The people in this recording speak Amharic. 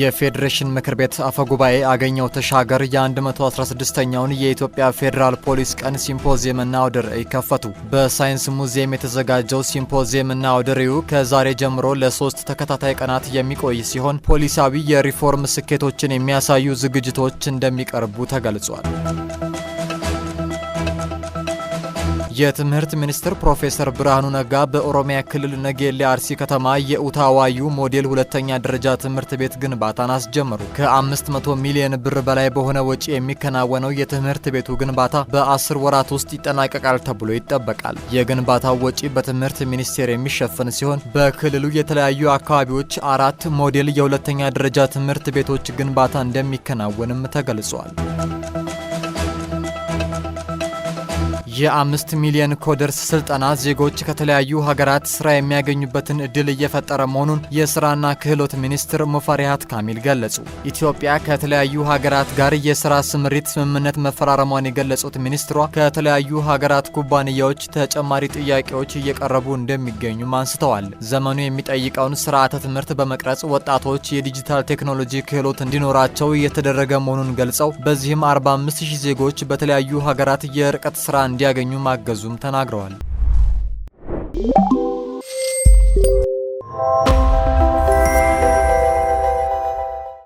የፌዴሬሽን ምክር ቤት አፈ ጉባኤ አገኘው ተሻገር የ116ኛውን የኢትዮጵያ ፌዴራል ፖሊስ ቀን ሲምፖዚየምና አውደ ርዕይ ከፈቱ። በሳይንስ ሙዚየም የተዘጋጀው ሲምፖዚየምና አውደ ርዕዩ ከዛሬ ጀምሮ ለሶስት ተከታታይ ቀናት የሚቆይ ሲሆን ፖሊሳዊ የሪፎርም ስኬቶችን የሚያሳዩ ዝግጅቶች እንደሚቀርቡ ተገልጿል። የትምህርት ሚኒስትር ፕሮፌሰር ብርሃኑ ነጋ በኦሮሚያ ክልል ነጌሌ አርሲ ከተማ የኡታዋዩ ሞዴል ሁለተኛ ደረጃ ትምህርት ቤት ግንባታን አስጀመሩ። ከ500 ሚሊዮን ብር በላይ በሆነ ወጪ የሚከናወነው የትምህርት ቤቱ ግንባታ በአስር ወራት ውስጥ ይጠናቀቃል ተብሎ ይጠበቃል። የግንባታው ወጪ በትምህርት ሚኒስቴር የሚሸፈን ሲሆን በክልሉ የተለያዩ አካባቢዎች አራት ሞዴል የሁለተኛ ደረጃ ትምህርት ቤቶች ግንባታ እንደሚከናወንም ተገልጿል። የአምስት ሚሊዮን ኮደርስ ስልጠና ዜጎች ከተለያዩ ሀገራት ስራ የሚያገኙበትን እድል እየፈጠረ መሆኑን የስራና ክህሎት ሚኒስትር ሙፈሪሃት ካሚል ገለጹ። ኢትዮጵያ ከተለያዩ ሀገራት ጋር የስራ ስምሪት ስምምነት መፈራረሟን የገለጹት ሚኒስትሯ ከተለያዩ ሀገራት ኩባንያዎች ተጨማሪ ጥያቄዎች እየቀረቡ እንደሚገኙም አንስተዋል። ዘመኑ የሚጠይቀውን ስርዓተ ትምህርት በመቅረጽ ወጣቶች የዲጂታል ቴክኖሎጂ ክህሎት እንዲኖራቸው እየተደረገ መሆኑን ገልጸው በዚህም 45 ሺህ ዜጎች በተለያዩ ሀገራት የርቀት ስራ እንዲያገኙ ማገዙም ተናግረዋል።